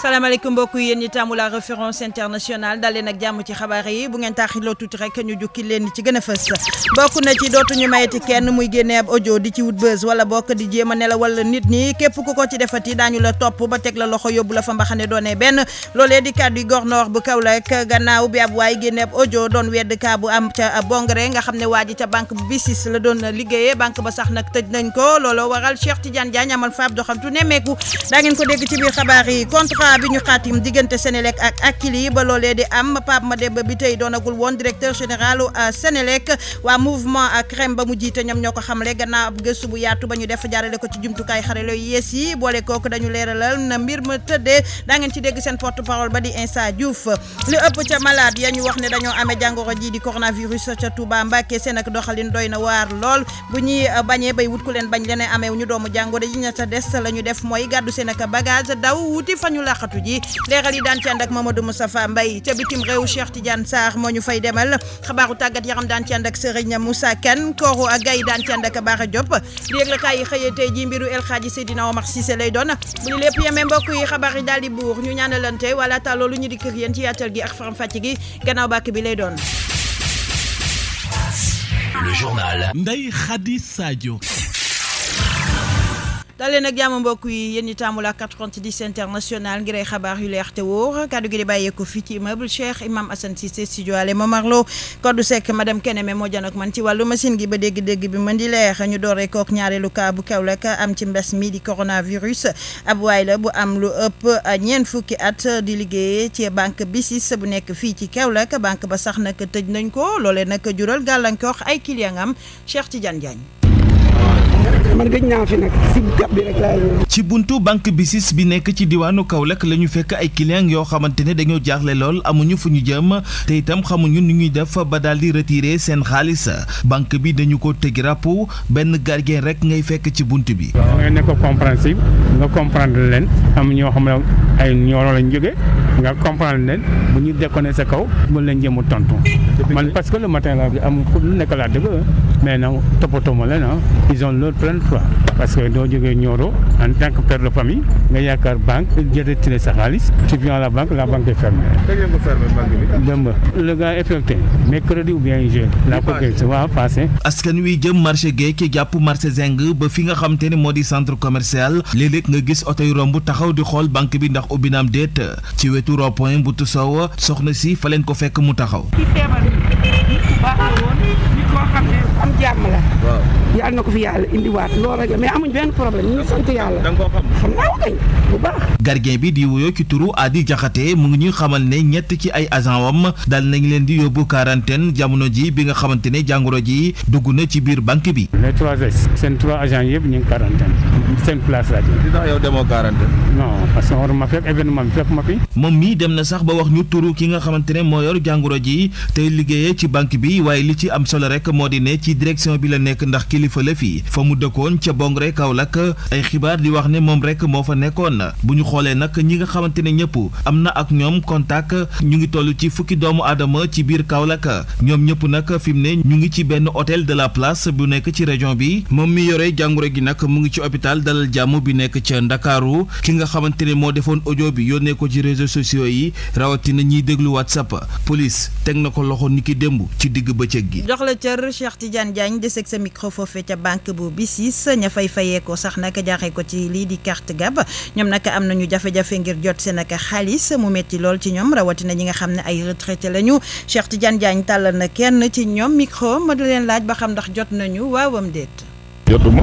salaamaaleykum mbokk yi yéen ñi taamu la référence internationale daal leen ak jàmm ci xabaar yi bu ngeen taaxiloo tuuti rek ñu jukki leen ci gën a fës bokk na ci dootuñu mayeti kenn muy génne ab audio di ci wut bës wala bokk di jéem ne la wala nit ñi képp ku ko ci defati daañu la topp ba teg la loxo yóbbu la fa mbaxane doone benn loolee di kàddu yi gornoor bu Kaolack gannaaw bi ab waay génne ab audio doon wedd kaa am ca Bongre nga xam ne waa ji ca banque bu BICIS la doon liggéeyee banque ba sax nag tëj nañ ko looloo waral Cheikh Tidiane Diagne amal faab doxantu nemmeeku daa ngeen ko dégg ci biir xabaar yi contrat contrat bi ñu xaatim diggante Sénélec ak Akilee ba loolee di am Pape Mademba bi tey doonagul woon directeur général euh, Sénélec waa mouvement crème ba mu jiite ñoom ñoo ko xam xamle gannaaw ab gëstu bu yaatu ba ñu def jaarale ko ci jumtukaay xarale yu yees yi boole kooku dañu leeralal na mbir ma tëddee daa ngeen ci dégg seen porte parole ba di Insa Diouf li ëpp ca malade ya ñu wax ne dañoo amee jàngoro ji di coronavirus ca Touba Mbacké seen ak doxalin doy na waar lool bu ñuy euh, bañee bay wut ku leen bañ leneen amee ñu doomu jàngoro ji ña ca des la ñu def mooy gàddu seen ak bagage daw wuti fa ñu la laqatu ji leeral yi daan ci ànd ak Mamadou Moustapha Mbaye ca bitim réew Cheikh Tidiane Sarr moo ñu fay demal xabaaru tàggat yaram daan ci ànd ak Serigne Moussa Kane kooru ak gay daan ci ànd a Bara Diop di yëglekaay yi xëyee tey ji mbiru El Hadji Seydina Omar Cissé lay doon bu ñu lépp yemee mbokk yi xabaar yi daal di buur ñu ñaanalante wala ta loolu ñu di kër yéen ci yaatal gi ak faram fàcc gi gannaaw bàkk bi lay doon Le journal Ndeye Khady Sadio dalee nag jàmm mbokk yi yéen ñi tàmmul ak 90 international ngir ay xabaar yu leex te wóor kaddu gi di bàyyeeko fii ci immeuble Cheikh Imam Assane Cissé studio ale Momar Lo Kodou Seck madame Keneme moo janook man ci wàllu machine gi ba dégg-dégg bi mën di leer ñu dooree kook ñaareelu cas bu Kaolack am ci mbes mi di coronavirus ab waay la bu am lu ëpp ñeent fukki at di liggéeye ci banque bi sis bu nekk fii ci Kaolack banque ba sax nag tëj nañ ko loolee nag jural gàllankoor ay client am Cheikh Tidiane Diagne man gëj naa fi nag si gab bi rek laa ñëw ci buntu banque BICIS bi nekk ci diwaanu Kaolack la ñu fekk ay clients yoo xamante ne dañoo jaaxle lool amuñu fu ñu jëm te itam xamuñu nu ñuy def ba daal di retirer seen xaalis banque bi dañu ko tëj ràpp benn gardien rek ngay fekk ci bunt bi. nga ne ko compréhensible nga comprendre leen am ñoo xam ne ay ñooro lañ jóge nga comprendre leen bu ñu déconné sa kaw mën leen jëm tontu. man parce que le matin am lu nekk mais nag toppatoo ma ah. pleine fois parce que doo jógee Nioro en tant que père de famille nga yaakaar banque jëndati sa xaalis tu viens à la banque la banque est fermée. démb le gars effecté mercredi ou bien je la ko gën waaw passer. askan wi jëm marché géej ki jàpp marché zeng ba fi nga xam te ne di centre commercial léeg-léeg nga gis oto yu romb taxaw di xool banque bi ndax obinam naam déet ci wetu rond-point bu Tusaw soxna si fa leen ko fekk mu taxaw. ci feebar bi baaxul woon nit koo am jàmm yàlla na ko fi yàlla indiwaat loolu rek mais amuñ benn problème ñu sant yàlla. xam naa ko kay bu baax. gardien bi di wuyoo ci turu Adi Jaxate mu ngi ñuy xamal ne ñett ci ay agent wam daal nañ leen di yóbbu quarantaine jamono ji bi nga xamante ne jàngoro ji dugg na ci biir banque bi. les trois seen trois agents yëpp ñu ngi quarantaine la di tax yow demoo quarantaine. non parce que war ma fekk événement bi fekk ma moom mii dem na sax ba wax ñu turu ki nga xamante ne moo yor jàngoro ji tey liggéeyee ci banque bi waaye li ci am solo rek moo di ne ci direction bi la nekk ndax kilifa fële fii fa mu dëkkoon ca Bongre Kaolack ay xibaar di wax ne moom rek moo fa nekkoon bu ñu xoolee nag ñi nga xamante ne ñëpp am na ak ñoom contact ñu ngi toll ci fukki doomu aadama ci biir Kaolack ñoom ñëpp nag fi mu ne ñu ngi ci benn hôtel de la place bu nekk ci région bi moom mi yore jàngoro gi nag mu ngi ci hôpital dalal jàmm bi nekk ca Ndakaaru ki nga xamante ne moo defoon audio bi yónnee ko ci réseaux sociaux yi rawatina ñiy déglu WhatsApp polis teg na ko loxo niki démb ci digg bëccëg gi. ca banque bu BICIS ña fay fayee ko sax nag jaaxee ko ci lii di carte gab ñoom nag am nañu jafe-jafe ngir jot seen ak xaalis mu metti lool ci ñoom rawatina ñi nga xam ne ay retraité lañu Cheikh Tidiane Diagne tàllal na kenn ci ñoom micro ma di leen laaj ba xam ndax jot nañu waawam déet. jotuma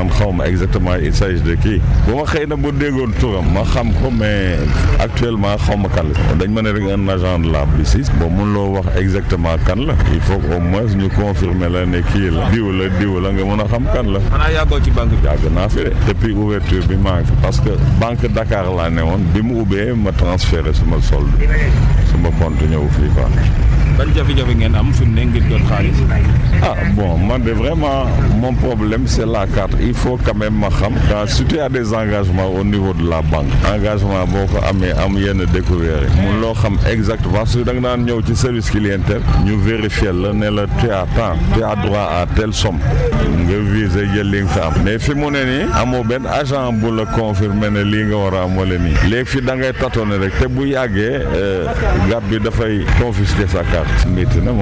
man xaw exactement il s'agit de kii bu ma xëy na bu déggoon turam ma xam ko mais actuellement xaw ma kan la dañ ma ne rek un agent de la BICIS bon mun loo wax exactement kan la il faut au moins ñu confirmer la ne kii la diw la diw la nga mën a xam kan la. xanaa yàggoo ci banque bi. yàgg naa fi de depuis ouverture bi maa ngi parce que banque Dakar laa ne bi mu ubbee ma transféré suma solde suma compte ñëw fii quoi ah bon man vraiment mon problème c'est la carte il faut quand même ma xam. quand si tu as des engagements au niveau de la banque. engagement boo ko amee am yenn découvrir. yi. mun loo xam exactement su da nga ñëw ci service clientèle. ñu vérifier la ne la tu as temps tu as droit à telle somme. nga vise jël li mais si mon ami nii. amoo ben agent bu le confirmer ne lii nga war a am wala nii. léegi fi da ngay tâtonner rek bu euh, garde bi confisquer sa carte. Maintenant,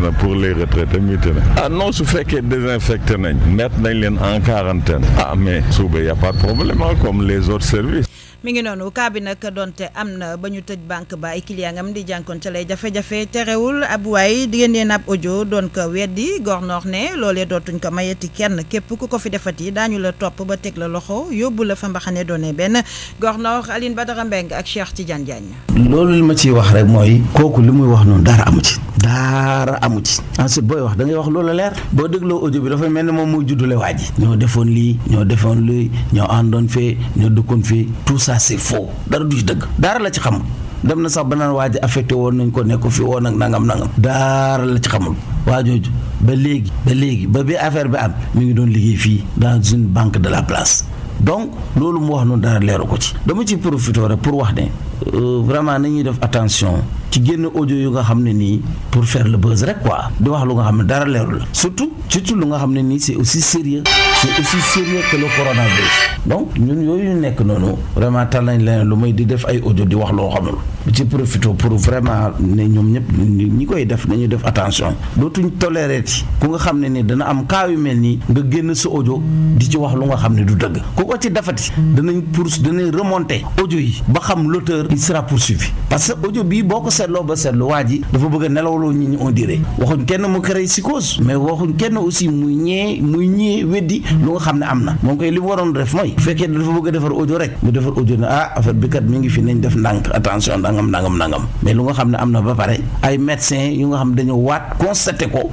na pour les retraités maintenant, ah non su fekkee désinfecté nañ mettre ils sont en quarantaine ah mais il y a pas de problème hein, comme les autres services mi ngi noonu cas bi nag donte am na ba ñu tëj banque ba ay client am di jànkoon ca lay jafe-jafe terewul ab waay diggante naab audio doon ko weddi gornoor ne loolee dootuñ ko mayeti kenn képp ku ko fi defati daañu la topp ba teg la loxo yóbbu la fa mbaxane doone benn gornoor ba Badara Mbeng ak Cheikh Tidiane yi loolu li ma ciy wax rek mooy kooku li muy wax noonu dara amu ci. daara amu ci ensuite booy wax da wax loolu leer boo dégloo audio bi dafa mel ne moom muy juddule waa ji ñoo defoon lii ñoo defoon luy ñoo àndoon fee ñoo fii ça c'est faux dara du ci dëgg dara la ci xamul dem na sax ba naan waa ji woon nañ ko nekk fi woon ak nangam nangam dara la ci xamul waa jooju ba léegi ba léegi ba bi affaire bi am mu ngi doon liggéey fii dans une banque de la place donc loolu mu wax noonu dara leeru ko ci dama ci profité rek pour wax ne euh, vraiment nañuy def attention ci génn audio yu nga xam ne nii pour faire le buzz rek quoi di wax lu nga xam ne dara leeru la surtout surtout lu nga xam ne nii c'est aussi sérieux c'est aussi sérieux que le coronavirus donc ñun yooyu ñu nekk noonu vraiment tal nañ leen lu may di def ay audio di wax loo xamul ci profito pour vraiment ne ñoom ñëpp ñi koy def nañu def attention dootuñ toléré ci ku nga xam ne ni dana am cas yu mel nii nga génn sa audio di ci wax lu nga xam ne du dëgg ku ko ci defati danañ pour danañ remonter audio yi ba xam l'auteur il sera poursuivi parce que audio bii boo ko sello ba sello waa dafa bëgg a nelawloo ñi on dirait waxuñ kenn mu créé psychose mais waxuñ kenn aussi muy ñee muy ñee weddi lu nga xam amna mo na li mu def moy féké dafa bëgg a audio rek mu defar audio ne ah affaire bi kat mi ngi fi nañ def ndank attention nangam nangam nangam mais lu nga xam amna ba paré ay médecin yu nga xam dañu wat constater ko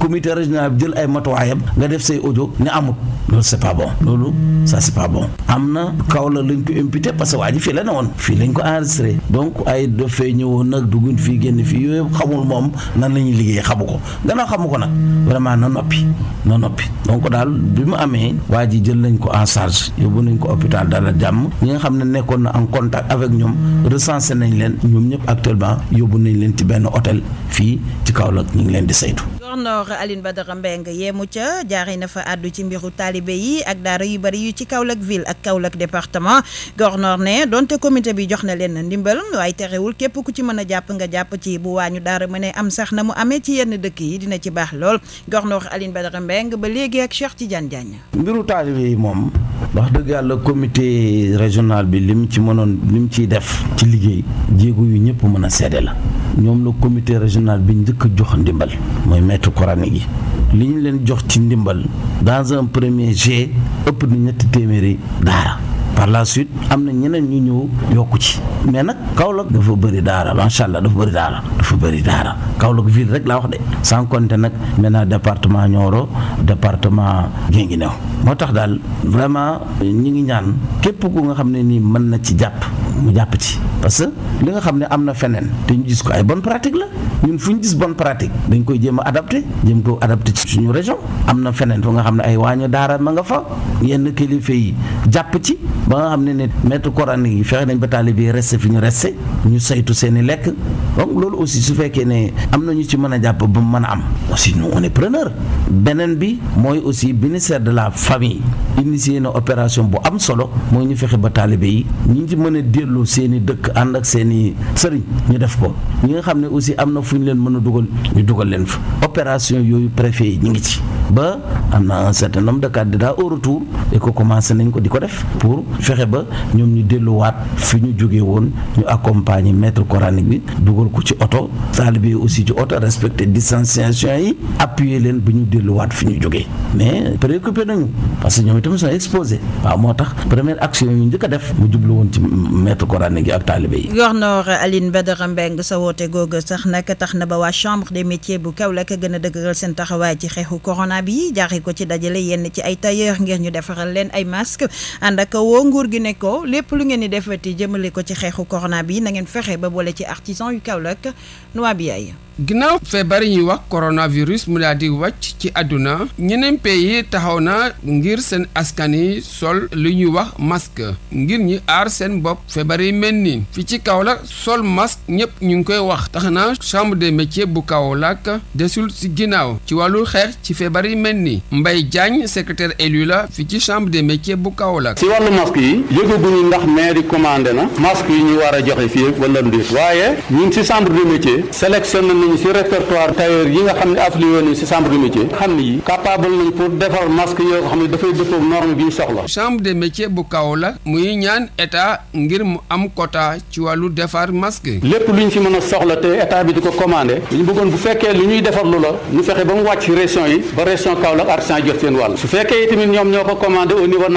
comité régional jël ay matuwaayam nga def say audio ni amut loolu c'est pas bon lolu ça c'est pas bon amna na kaw la lañ ko imputé parce que waa fi la ne fi lañ ko enregistrer donc ay dafay ñu ñëw nag dugguñ fii génn fii yooyu yëpp xamul moom nan la ñuy liggéey xamu ko gannaaw xamu ko nag vraiment na noppi na noppi donc daal bi mu amee waa ji jël nañ ko en charge yóbbu nañ ko hôpital dala jàmm ñi nga xam ne nekkoon na en contact avec ñoom recensé nañ leen ñoom ñëpp actuellement yóbbu nañ leen ci benn hôtel fii ci Kaolack ñu ngi leen di saytu Clédor Alioune Badara Mbengue yemu ca jaaree na fa àddu ci mbiru taalibe yi ak daara yu bari yu ci Kaolack ville ak Kaolack département gornor ne donte comité bi jox na leen ndimbal waaye terewul képp ku ci mën a jàpp nga jàpp ci bu waañu daara mënee am sax na mu amee ci yenn dëkk yi dina ci baax lool gornor Alioune Badara Mbengue ba léegi ak Cheikh Tidiane Diagne. mbiru taalibe moom. wax dëgg yàlla comité régional bi lim ci mënoon lim ciy def ci liggéey jéego yu ñëpp mën a seede la ñoom la comité régional bi lettre coranique li ñu leen jox ci ndimbal dans un premier jet ëpp na ñetti téeméeri daara par la suite am na ñeneen ñu ñëw yokku ci mais nag Kaolack dafa bëri daara macha allah dafa bëri daara dafa bëri daara Kaolack ville rek laa wax de sans compter nag maintenant département Nioro département Guinguinéo moo tax daal vraiment ñi ngi ñaan képp ku nga xam ne nii mën na ci jàpp mu jàpp ci parce que li nga xam ne am na feneen te ñu gis ko ay bonne pratique la ñun fu ñu gis bonne pratique dañ koy jéem a adapté jéem ko adapté ci suñu région am na feneen fu nga xam ne ay waañu daara ma nga fa yenn kilifa yi jàpp ci ba nga xam ne ne maître coranique yi fexe nañ ba taalibe yi resté fi ñu resté ñu saytu seen i lekk donc loolu aussi su fekkee ne am na ñu ci mën a jàpp ba mu mën a am aussi nous on est preneur beneen bi mooy aussi ministère de la famille initié na opération bu am solo mooy ñu fexe ba taalibe yi ñi ci mën a delloo seen i dëkk ànd ak seen i sëriñ ñu def ko ñi nga xam ne aussi am na fu ñu leen mën a dugal ñu dugal leen fa opération yooyu préfet yi ñu ngi ci ba am na un certain nombre de candidats au retour et que commencé nañ ko di ko def pour fexe ba ñoom ñu delluwaat fi ñu jógee woon ñu accompagner maître coranique bi dugal ko ci oto taalibe yi aussi ci oto respecter distanciation yi appuyer leen bu ñu delluwaat fi ñu jógee mais préoccupé nañu parce que ñoom itam sont exposés waaw moo tax première action yu njëkk def mu jublu woon ci maître coranique yi ak taalibe yi. gouverneur Aline Badara Mbengue sa na ba waa chambre des métiers bu a dëgëral seen bi jaaree ko ci dajale yenn ci ay tailleur ngir ñu defaral leen ay masque ànd woo nguur gi ne ko lépp lu ngeen di defati jëmale ko ci xeexu corona bi na ngeen fexe ba boole ci artisan yu Kaolack Noa Biaye ginnaaw feebar yi ñuy wax coronavirus mu daal di wàcc ci àdduna ñeneen pays yi taxaw naa ngir seen askan yi sol li ñuy wax masque ngir ñu aar seen bopp feebar yi mel ni fi ci Kaolack sol masque ñëpp ñu ngi koy wax tax na chambre de métiers bu kaw Kaolack desul si ginnaaw ci wàllu xeex ci feebar yi mel ni mbay Diagne secrétaire élu la fi ci chambre de métiers bu Kaolack. ci wàllu masque yi yëgaguñu ndax mairie commandé na masque yi ñu war a joxe fii wala ndiir waaye ñun si chambre nañu si répertoire tailleur yi nga xam ne affilié nañu si de métier xam ne yi capable nañ pour defar masque yoo xam ne dafay dëppoo norme bi ñu soxla chambre de métier bu Kaolack muy ñaan état ngir mu am quota ci wàllu defar masque lépp lu ñu si mën a soxla te état bi di ko commandé ñu bëggoon bu fekkee lu ñuy defar lu la ñu fexe ba mu wàcc région yi ba région Kaolack artisan yi jot seen wàll su fekkee tamit ñoom ñoo ko commandé au niveau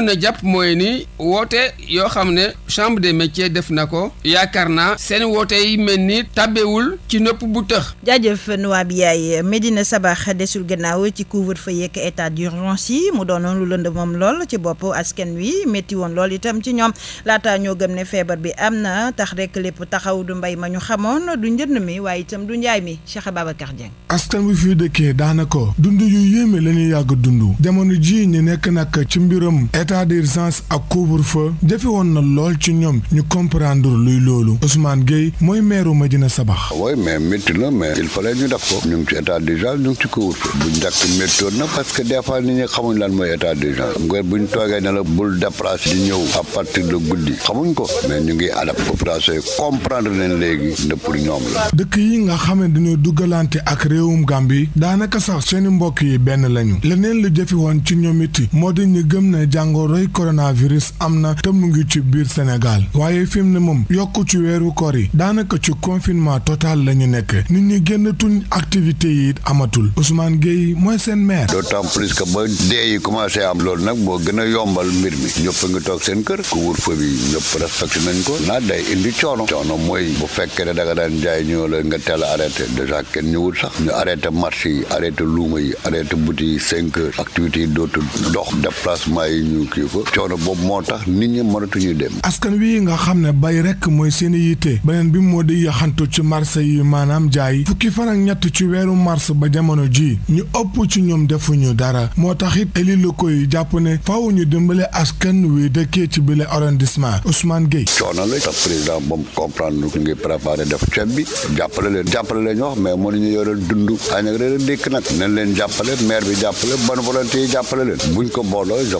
mun a jàpp mooy ni woote yoo xam ne chambre des métiers def na ko yaakaar na seen woote yi mel ni tàbbewul ci nëpp bu tëx. jaajëf Noa bi yaay Medina Sabax desul gannaaw ci couvre-feu yeeg état d'urgence yi mu doonoon lu lënd moom lool ci bopp askan wi métti woon lool itam ci ñoom laataa ñoo gëm ne feebar bi am na tax rek lépp taxaw du mbay ma ñu xamoon du njënd mi waaye itam du njaay mi Cheikh Ababacar Dieng. askan état d'urgence ak couvre-feu jafe woon na lool ci ñoom ñu comprendre luy loolu Ousmane Gueye mooy meeru Medina Sabax. oui mais métti na mais il la ñu def ko ñu ngi ci état d'urgence ñu ngi ci couvre-feu bu njëkk méttoon na parce que des fois nit ñi xamuñ lan mooy état d'urgence nga buñ toogee ne la bul déplacer di ñëw à partir de guddi xamuñ ko mais ñu ngi adapté population yi comprendre leen léegi ne pour ñoom la. dëkk yi nga xam ne dañoo duggalante ak réewum Gambie daanaka sax seeni mbokk yi benn lañu leneen ci ñoom it moo jàngoroy coronavirus amna te mu ngi ci biir senegal waaye fim ne moom yokku ci weeru koor yi daanaka ci confinement total lañu ñu nekk nit ñi génn tuñ activité yi amatul Ousmane Gueye mooy seen maire. d'autant plus que ba dee yi commencé am loolu nag moo gën a yombal mbir mi ñëpp ngi toog seen kër ku couvre fa bi ñëpp respecté nañ ko naa day indi coono coono mooy bu fekkee ne da nga daan jaay ñëw la nga teel a arrêté déjà kenn ñëwul sax ñu arrêté marché yi arrêté luuma yi arrêté buti yi cinq heures activités yi dootul dox déplacement yi ñu kilifa coono boobu moo tax nit ñi mënatuñuy dem askan wi nga xam ne bay rek mooy seen yitte beneen bi moo di yaxantu ci marché yi maanaam jaay fukki fan ak ñett ci weeru mars ba jamono ji ñu ëpp ci ñoom defuñu dara moo tax it élus jàpp ne faaw ñu dimbale askan wi dëkkee ci bile arrondissement Ousmane Gueye coono la tax président ba mu comprendre ñu ngi préparé def ceeb bi jàppale leen jàppale leen wax mais mënuñu yore dund añ ak leen jàppale maire bi jàppale bonne volonté yi jàppale leen buñ ko booloo je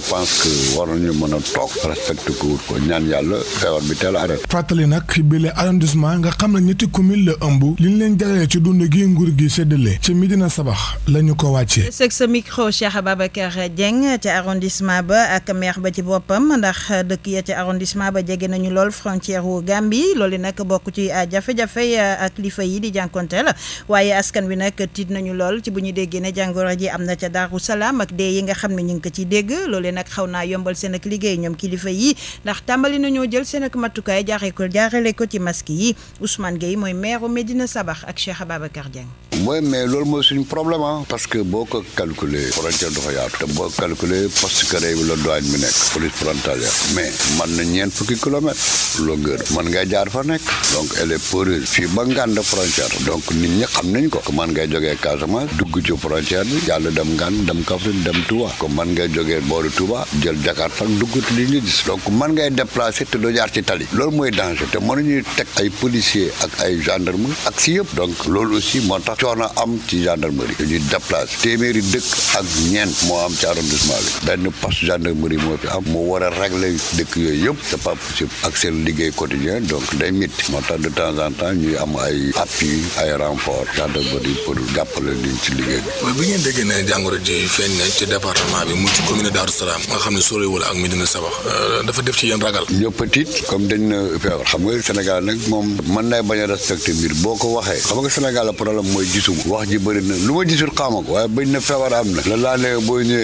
war nañu mën a toog respecté ko ko ñaan yàlla feebar bi teel a arrêté. fàttali nag bile arrondissement nga xam ne ñetti commune la ëmb li ñu leen jagalee ci dund gi nguur gi séddale ci Médina Sabax la ñu ko wàccee. sëg sa micro Cheikh Ababacar Dieng ci arrondissement ba ak maire ba ci boppam ndax dëkk ya ci arrondissement ba jege nañu lool frontière wu Gambie loolu nag bokk ci ah, jafe-jafe ah, ak lifa yi di jànkonteel waaye askan wi nag tiit nañu lool ci bu ñu déggee ne jàngoro ji am na ca Daaru Salaam ak dee nga xam ne ko ciy yombal seen ak liggéey ñoom kilifa yi ndax tàmbali nañoo jël seen ak matukaay jaaxee ko jaarale ko ci masque yi Ousmane Gueye mooy maire Médina Sabax ak Cheikh Ababacar Dieng Oui, mais loolu mooy suñu problème ah. parce que boo ko calculé frontière dafa yaatu te boo calculé poste carré bi la douane bi nekk police frontalière mais man na ñeent fukki kilomètre longueur man ngay jaar fa nekk donc elle est poreuse fii ba ngànd frontière donc nit ñi xam nañ ko que man ngay jógee Casamance dugg ci frontière bi jàll dem ngànd dem Kaffrine dem Touba que man ngay jógee booru Touba jël Jakarta dugg li ñu gis donc man ngay déplacer te doo jaar ci tali loolu mooy danger te mënuñuy teg ay policiers ak ay gendarmes ak si yëpp donc loolu aussi moo tax coono am ci gendarmerie ñu déplacer téméri dëkk ak ñeent moo am ci arrondissement bi benn poste gendarmerie moo fi am moo war a régler dëkk yooyu yëpp c'est pas possible ak seen liggéey quotidien donc day mit moo tax de temps en temps ñuy am ay appui ay renfort gendarmerie pour jàppale liñ ci liggéey bi waaye bi ngeen déggee ne jàngoro ji feeñ na ci département bi mu ci commune Darou Salaam nga xam ne wala ak Medina Sabax euh, dafa def ci yéen ragal ñu tiit comme dañ na feebar xam nga Sénégal nag moom mën naa bañ a respecter mbir boo ko waxee xam nga Sénégal problème mooy gisuma wax ji bari na luma ma gisul xaama ko waaye bañ na febar am na la la ne boo ñe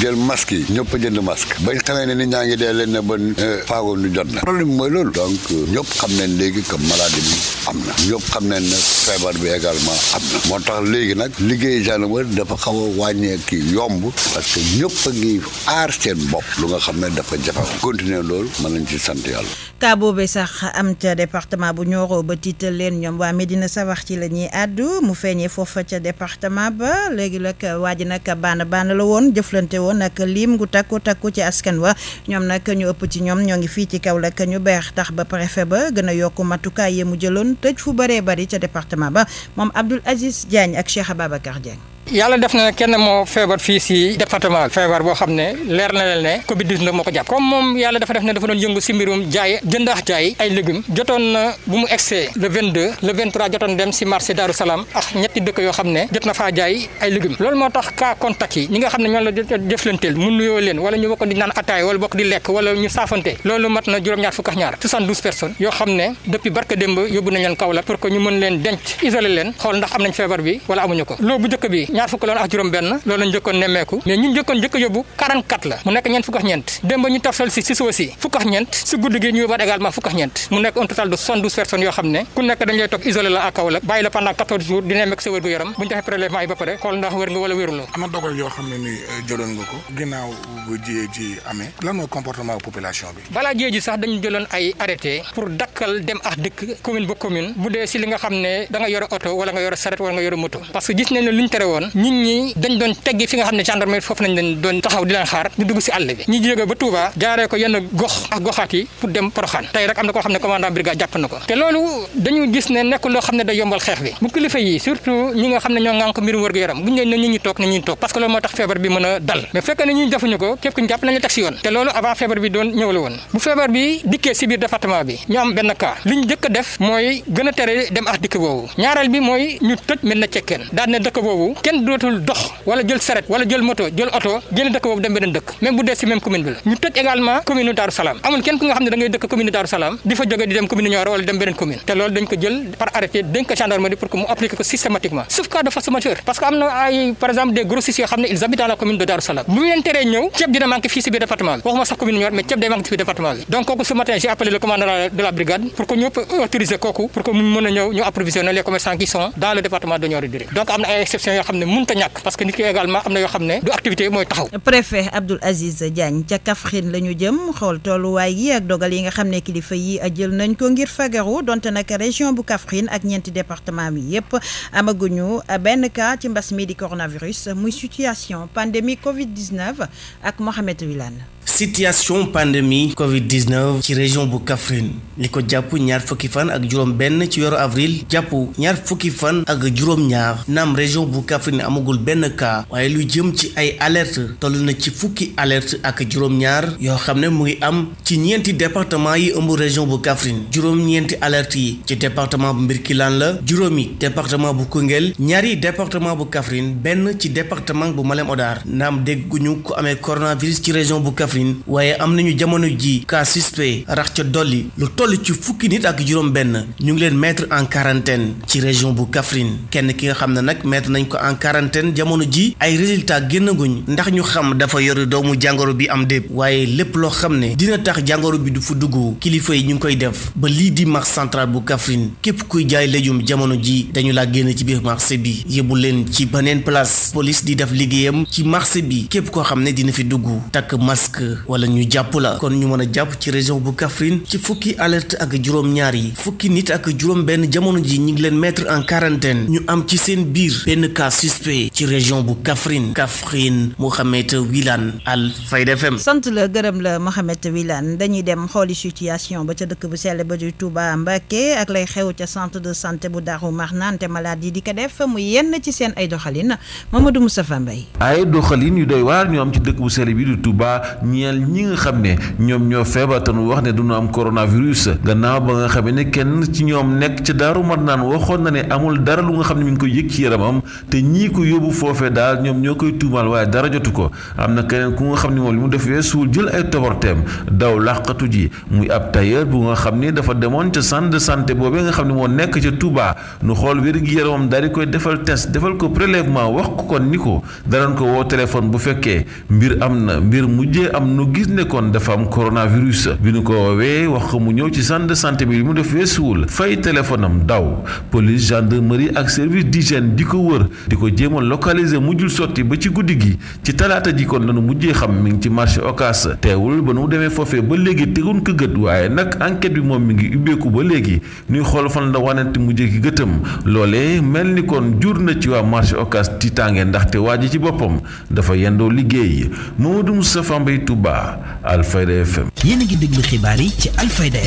jël masque ñop jënd masque bañ xamé ne nit ñaa ngi dee leen ne ba eh, faagoo ñu jot na problème moy lool donc ñop xam nañ léegi que maladie bi am na ñop xam nañ ne feebar bi également am na moo tax léegi nag liggéey gendarmerie dafa xawa wañé ki yomb parce que ñop ngi ar seen bop lu nga xamné dafa jafa continuer lool man lañ ci sant yalla ka bobé sax am ca département bu ñoro ba tiital leen ñom wa Medina sa wax ci la addu mu feeñee foofa ca département ba léegi nag waa ji nag baana baana la woon jëflante woon nag lim gu takku takku ci askan wa ñoom nag ñu ëpp ci ñoom ñoo ngi fii ci Kaolack ñu beex tax ba préfet ba gën a yokk matukaay yi mu jëloon tëj fu bëree bari ca département ba moom Abdoul Aziz Diagne ak Cheikh Ababacar Diagne. yalla def na kenn mo feebar fi ci département feebar bo xamne ne leer na leen ne covid 19 moko japp comme mom yalla dafa def ne dafa don yeungu ci mbirum jaay jëndaax jaay ay legum jotoon na bu mu egsee le 22 le 23 jotoon dem ci marché daru salam ak ñetti dëkk yo xamne jot na fa jaay ay legum lool moo tax cas contact yi ñi nga xamne ñoo ñoom la jëflanteel mu nuyo leen wala ñu bokk di naan ataay wala bokk di lek wala ñu saafante loolu mat na juroom ñaar fukk ak ñaar 72 personnes yo xamne depuis barke demb yóbbu nañ leen kaw pour que ñu mën leen denc isolé leen xol ndax am nañ feebar bi wala amuñu ko lo bu jëk bi ñaar fukk loon ak juróom benn loolu lañ njëkkoon nemmeeku mais ñun njëkk yóbbu 44 la mu nekk ñeent fukk ak ñeent démb ñu toftal si si suba si fukk ak ñeent si guddi gi ñu yóbbaat également fukk ak ñeent mu nekk un total de 72 personnes yoo xam ne ku nekk dañ lay toog isolé la ak kaw la bàyyi la pendant 14 jours di nemmeeku sa wér gu yaram bu ñu defee prélèvement ba euh, balaa jiyee ji sax dañu jëloon ay arrêté pour dakkal dem ak dëkk commune don nit ñi dañ don teggi fi nga xamne ne gendarmerie foofu lañ leen taxaw di leen xaar di dugg si alle bi ñi jëge ba Touba jaaré ko yenn gox ak goxati pour dem Poroxaan tay rek amna ko xamne commandant brigade japp nako té loolu dañu gis ne nek lo xamne da yombal xex bi bu kilifa yi surtout ñi nga xamne ne ngank mbir wër gu yaram bu leen ne nit ñi tok ne ñuy parce que loolu motax fièvre bi mëna dal mais fekk na ñi defuñu ko képp kuñ japp nañ taxi yoon té loolu avant fièvre bi don ñëw won bu fièvre bi dikké ci biir département bi ñu am ben ka liñ jëk def moy gëna téré dem ak dikk bobu ñaaral bi moy ñu tëj melna ci kenn daal ne dëkk kenn dootul dox wala jël saret wala jël moto jël auto jël dëkk boobu dem beneen dëkk même bu dee si même commune bi la ñu toj également commune Daaru Salaam amul kenn ku nga xam ne da ngay dëkk commune Daaru Salaam di fa jóge di dem commune Nioro wala dem beneen commune te loolu dañ ko jël par arrêté dañ ko gendarmerie pour que mu appliquer ko systématiquement sauf cas de force majeure parce que am na ay par exemple des grossistes yoo xam ne ils habitent dans la commune de Daaru Salaam bu ñu leen teree ñëw ceeb dina manqué fii si biir département bi waxuma sax commune Nioro mais ceeb day manqué si biir département bi donc kooku ce matin j'ai appelé le commandant de la brigade pour que ñu autoriser kooku pour que mu mën a ñëw ñu approvisionner les commerçants qui sont dans le département de Nioro direct donc am na ay exception yoo xam ne parce que également préfet Abdul Aziz Diagne ca lañu jëm xol way yi ak dogal yi nga kilifa yi jël nañ ko ngir donte région bu ak département yépp amaguñu benn cas ci mbass mi di coronavirus muy situation pandémie Covid 19 ak Mohamed Wilane. situation pandémie Covid 19 ci région bu Kaffrine li ko jàpp ñaar fukki fan ak juróom benn ci weeru avril jàpp ñaar fukki fan ak juróom-ñaar naam région bu Kaffrine amagul benn cas waaye lu jëm ci ay alerte toll na ci fukki alerte ak juróom-ñaar yoo xam ne mu ngi am ci ñeenti département yi ëmb région bu Kaffrine juróom-ñeenti alerte yi ci département bu mbir Mbirkilaan la juróomi département bu Koungheul ñaari département bu Kaffrine benn ci département bu Malem waaye am nañu jamono ji cas suspect rax ca dolli lu toll ci fukki nit ak juróom-benn ñu ngi leen mettre en quarantaine ci région bu Kaffrine kenn ki nga xam ne nag mettre nañ ko en quarantaine jamono ji ay résultats génnaguñ ndax ñu xam dafa yor doomu jàngoro bi am déet waaye lépp loo xam ne dina tax jàngoro bi du fu dugg kilifa yi ñu ngi koy def ba lii di marché central bu Kaffrine képp kuy jaay léjum jamono ji dañu laa génn ci biir marché bi yóbbu leen ci beneen place police di def liggéeyam ci marché bi képp koo xam ne dina fi dugg takk masque lakk wala ñu jàpp la kon ñu mën a jàpp ci région bu Kaffrine ci fukki alerte ak juróom-ñaar yi fukki nit ak juróom-benn jamono ji ñu ngi leen mettre en quarantaine ñu am ci seen biir benn cas suspect ci région bu Kaffrine Kaffrine Mohamed Wilane Alfayda FM. sant la gërëm la Mohamed Wilane dañuy dem xooli situation ba ca dëkk bu sell ba di Touba Mbacké ak lay xew ca centre de santé bu Darou Marnane te malade yi di ko def mu yenn ci seen ay doxalin Mamadou Moustapha Mbaye ay ñeel ñi nga xam ne ñoom ñoo feebar te nu wax ne du ñu am coronavirus gannaaw ba nga xam ne kenn ci ñoom nekk ca Daaru Marnaan waxoon na ne amul dara lu nga xam ne mu ngi koy yëg ci yaramam te ñii ko yóbbu foofe daal ñoom ñoo koy tuumaal waaye dara jotu ko am na keneen ku nga xam ne moom li mu def weesuwul jël ay toborteem daw làqatu ji muy ab tailleur bu nga xam ne dafa demoon ca centre sante santé boobee nga xam ne moo nekk ca Touba nu xool wér-gi-yaramam daal di defal test defal ko prélèvement wax ko kon ni ko bu fekkee am nu gis ne kon dafa am coronavirus bi nu ko woowee wax ko mu ñëw ci centre de santé bi li mu def weesuwul fay téléphone am daw police gendarmerie ak service d'hygiène di ko wër di ko jéem a localiser mujjul sotti ba ci guddi gi ci talaata ji kon lanu mujjee xam mi ngi ci marché ocas teewul ba nu demee foofee ba léegi teguñ ko gët waaye nag enquête bi moom mi ngi ubbeeku ba léegi ñuy xool fan la wanante mujjee ki gëtam loolee mel ni kon jur na ci waa marché ocas tiitaange ndaxte waa ci boppam dafa yendoo liggéey Touba Alfayda FM. yéen a ngi déglu xibaar yi ci Alfayda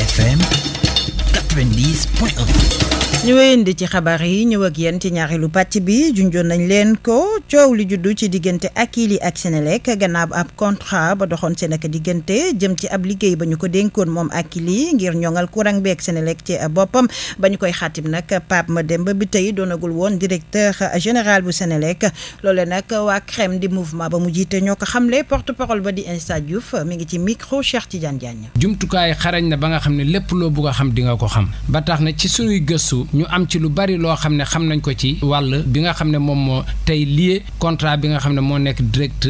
point ñu wéyandi ci xabaar yi ñëw ak yéen ci lu pàcc bi junjoon nañ leen ko coow li juddu ci diggante Akilee ak Senelec gannaaw ab contrat ba doxoon seen ak diggante jëm ci ab liggéey ba ñu ko dénkoon moom Akilee ngir ñoŋal courant bi ak Senelec ci boppam ba ñu koy xaatim nag Pape Mademba bi tey doonagul woon directeur général bu Senelec loole nag waa CREM di mouvement ba mu jiite ñoo ko xamle porte parole ba di Insa Diouf mu ngi ci micro Cheikh Tidiane Diagne. jumtukaay xarañ na ba nga xam ne lépp loo bëgg a xam di ko xam ba tax na ci sunuy gëstu ñu am ci lu bari loo xam ne xam nañ ko ci wàll bi nga xam ne moom moo tey lié contrat bi nga xam ne moo nekk direct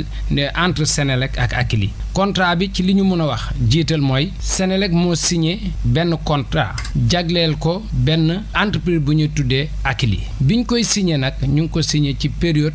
entre Senelec ak Akilee contrat bi ci li ñu mën a wax jiital mooy Senelec moo signé benn contrat jagleel ko benn entreprise bu ñuy tuddee Akilee bi ñu koy signé nag ñu ngi ko signé ci période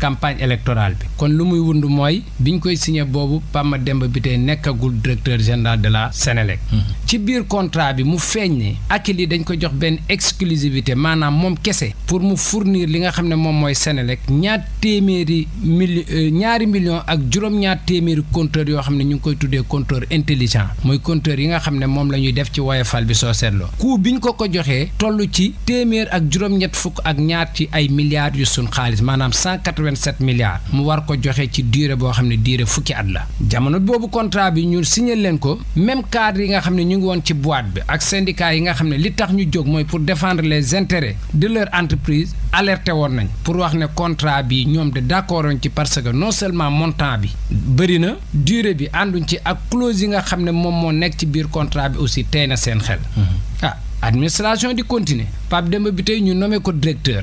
campagne électorale bi kon lu muy wund mooy bi ñu koy signé boobu pamma demb bi tey nekkagul directeur général de la Senelec ci biir contrat bi mu feeñ ne Akilee dañ ko jox benn exclusivité maanaam moom kese pour mu fournir li nga xam ne moom mooy Senelec ñaar téeméeri mili euh, ñaari millions ak juróom-ñaar téeméeri compteur yoo xam ne ñu ngi koy tuddee compteur intelligent mooy compteur yi nga xam ne moom la ñuy def ci woyofal bi soo seetloo coût bi ñu ko ko joxee toll ci téeméer ak juróom fukk ak ñaar ci ay milliards yu suñ xaalis maanaam 187 milliards mu war ko joxe ci durée boo xam ne durée fukki at la jamono boobu contrat bi ñu signé leen ko même cadre yi nga xam ne ñu ngi woon ci boîte bi ak syndicat yi nga xam ne li tax ñu jóg mooy pour défendre les intérêts de leur entreprise alerté woon nañ pour wax ne contrat bi ñoom de d'accord woon ci parce que non seulement montant bi bëri na bi ànduñ ci ak clause yi nga xam ne moom moo nekk ci biir contrat bi aussi tey na seen xel. Mm-hmm. ah administration di continuer. Pape Demba bi ñu nommé ko directeur.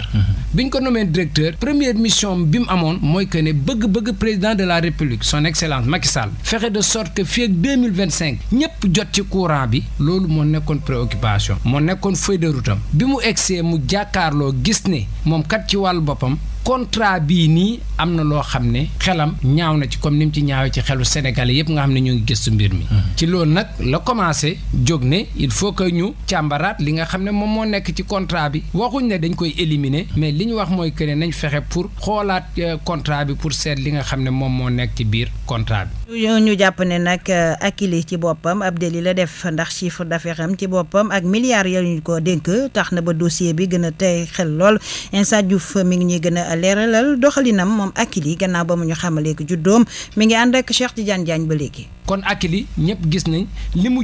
biñ ko nommé directeur. première mission bi mu amone moy que ne bëgg-bëgg président de la république son excellence Macky Sall de sorte que fii ak deux mille vingt cinq ñëpp jot ci courant bi loolu mo nekkoon préoccupation mo nekkoon feuille de route bi mu egsee mu jakarlo gis né mom kat ci wal bopam contrat bi ni amna lo loo ñaaw na ci comme ni ci ñaaw ci xelu Sénégalais yépp nga xam ñu ngi gëstu mbir mi. Mm-hmm. ci loolu nak la commencé jogné il faut que ñu càmbaraat li nga xam mom mo nekk ci contrat bi waxuñ ne dañ koy éliminer mais li ñu wax mooy que ne nañ fexe pour xoolaat euh, contrat bi pour seet li nga xam ne moom moo nekk ci biir contrat bi. ñu jàpp ne nag euh, Akilee ci boppam ab délit la def ndax chiffre d'affaires am ci boppam ak milliards ya ñu ko dénk tax na ba dossier bi gën a tey xel lool Insa Diouf mi ngi ñuy gën a leeralal doxalinam moom Akilee gannaaw ba mu ñu xamalee ko juddoom mi ngi ànd ak Cheikh Tidiane Diagne ba léegi. kon Akilee ñëpp gis nañ li mu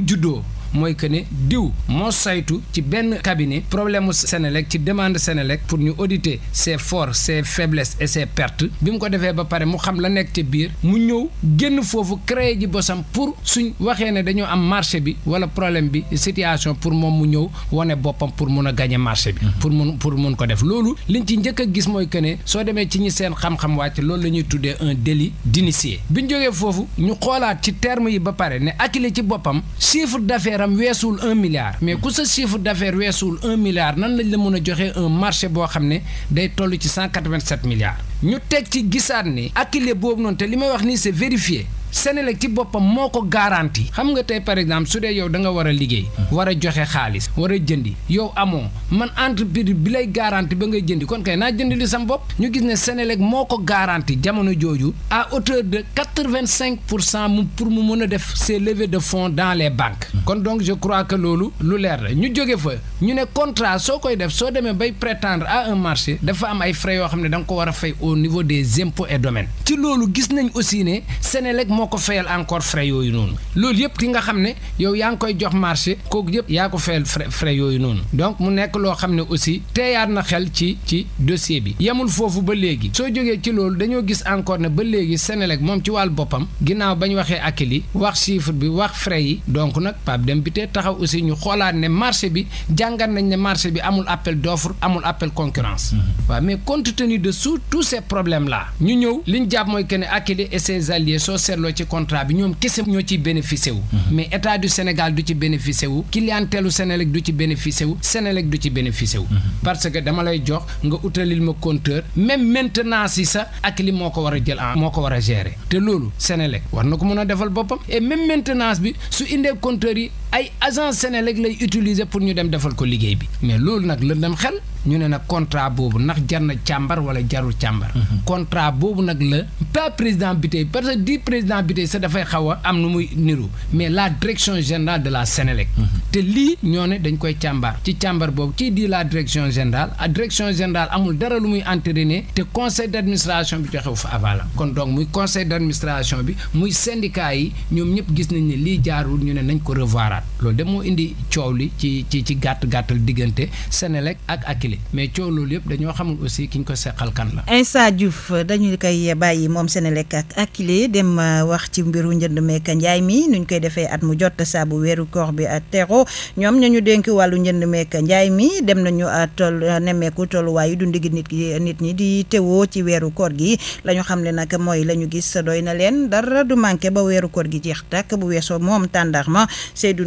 moy que ne diw moo saytu ci ben cabinet problème mu Sénélec ci demande Sénélec pour ñu auditer ses forces ses faiblesses et ses pertes bimu ko defee ba pare mu xam la nek ci biir mu ñew genn fofu créer ji bosam pour suñ waxé né dañu am marché bi wala problème bi situation pour mom mu ñew woné bopam pour mëna a gagner marché bi. Mhm. pour mun pour mën ko def lolu liñ ci njëkk gis moy que ne soo demee ci ñi seen xam-xam wàcc lolu la ñuy tuddee un délit d'initié biñ jógee fofu ñu xolaat ci terme yi ba pare ne Akilee ci bopam chiffre d'affaires d'affaires am weesuwul un milliard mais ku sa chiffre d'affaires weesuwul un milliard nan lañ la mën a joxe un marché boo xam ne day toll ci cent quatre-vingt-sept milliards ñu teg ci gisaat ni. acculé boobu noonu te li may wax nii c'est vérifié. Senelec ci boppam moo ko xam nga tay par exemple soudé yow da nga wara a liggéey wara a joxe xaalis jëndi yow amon man entreprise bi lay garantie ba ngay jëndi kon kay na jëndi li sam bop ñu gis né Senelec moko garantie. jamono joju à hauteur de 85 pour mu pour def ses levées de fonds dans les banques kon donc je crois que lolu lu leer la ñu joggé fa ñu né contrat soo koy def so demee bay prétendre à un marché dafa am ay frais yo xamné ne da nga ko fay au niveau des impôts et domaines ci lolu gis nañ aussi ne Senelec moo ko fayal encore frais yooyu noonu loolu yëpp ki nga xam ne yow yaa ngi koy jox marché kooku yëpp yaa ko fayal frais yooyu noonu donc mu nekk loo xam ne aussi teeyaat na xel ci ci dossier bi yemul foofu ba léegi soo jógee ci loolu dañoo gis encore ne ba léegi Senelec moom ci wàllu boppam ginnaaw bañ waxee akili wax chiffre bi wax frais yi donc nag Pape Demba Bitèye taxaw aussi ñu xoolaat ne marché bi jàngat nañ ne marché bi amul appel d'offre amul appel concurrence mhm. waaw mais compte tenu de tous ces problèmes là ñu ñëw liñ jàpp mooy que ne akili et ses alliés soo seetloo seetloo ci contrat bi ñoom kese ñoo ciy bénéficié mhm. mais état du Sénégal du ci bénéficié wu. clientèlu Sénélec du ci bénéficié wu Sénélec du ci bénéficié mhm. parce que dama lay jox nga utalil ma compteur même maintenance yi sax ak li moo ko war a jël en moo ko war a gere te loolu Sénélec war na ko mën a defal boppam et même bi su indee compteur yi. ay agence Senelec lay utiliser pour ñu dem defal ko liggéey bi mais loolu nag lëndëm xel ñu ne nag contrat boobu ndax jar na càmbar wala jarul càmbar mhm. contrat boobu nag la pas président bi tey parce que di président bi tey sa dafay xaw a am nu muy niru mais la direction générale de la Senelec mhm. te lii ñoo ne dañ koy càmbar ci càmbar boobu ci di la direction générale à direction générale amul dara lu muy entériné te conseil d' administration bi joxewu fa avalam kon donc muy conseil d' administration bi muy syndicat yi ñoom ñëpp gis nañ ne lii jaarul ñu ne nañ ko revoir xaaraat loolu de moo indi coow li ci ci ci gàtt gàttal diggante Senelec ak Akilee mais coow loolu yëpp dañoo xamul aussi ki ñu ko seqal kan la. Insa Diouf dañu koy bàyyi moom Senelec ak Akilee dem euh, wax ci mbiru njënd meek njaay mi nuñ koy defee at mu jot saabu weeru koor bi ak tero ñoom ñoo ñu dénk wàllu njënd meek njaay mi dem nañu euh, toll euh, nemmeeku tolluwaayu dundi gi nit ki nit ñi di tewoo ci weeru koor gi la xam ne nag mooy la ñu gis doy na leen dara du ba weeru koor gi jeex tàkk bu weesoo moom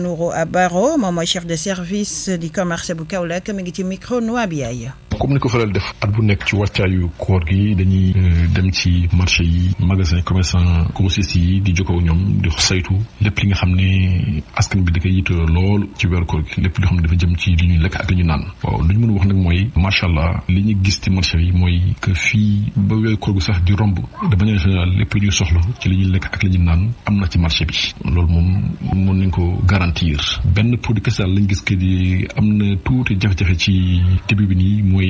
Nouro Abaro Baro, mooy chef de service du commerce bu Kaolack mi micro Noa Biaye comme ni ko faral def at bu nek ci wàccaayu koor gi dañuy euh, dem ci marché yi magasin commerçant grossiste yi di jokkoo ñom di saytu lepp li nga xamni askan bi da koy yittoo lool ci weeru koor gi lepp li xamni dafa jëm ci li ñuy lekk ak li ñu naan waaw lu ñu mën wax nak moy macha allah li ñu gis ci marché yi moy que fi ba weeru koor gu sax di romb de manière générale lepp li ñuy soxla ci li ñuy lekk ak li ñu naan am ci marché bi lool mom mën nañ ko garantir ben produit kese daal lañ gis que di amna touti tuuti jafe ci début bi nii mooy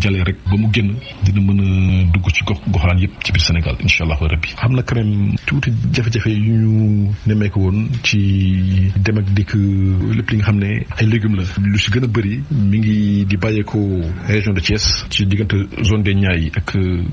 jalee rek ba mu génn dina mën a dugg ci gox goxaan yëpp ci biir Sénégal incha allah rabbi xam na quand même tuuti jafe-jafe yu ñu nemmeeku woon ci dem ak dikk lépp li nga xam ne ay légumes la lu si gën a bëri mi ngi di bàyyeekoo région de Thiès ci diggante zone des Niayes ak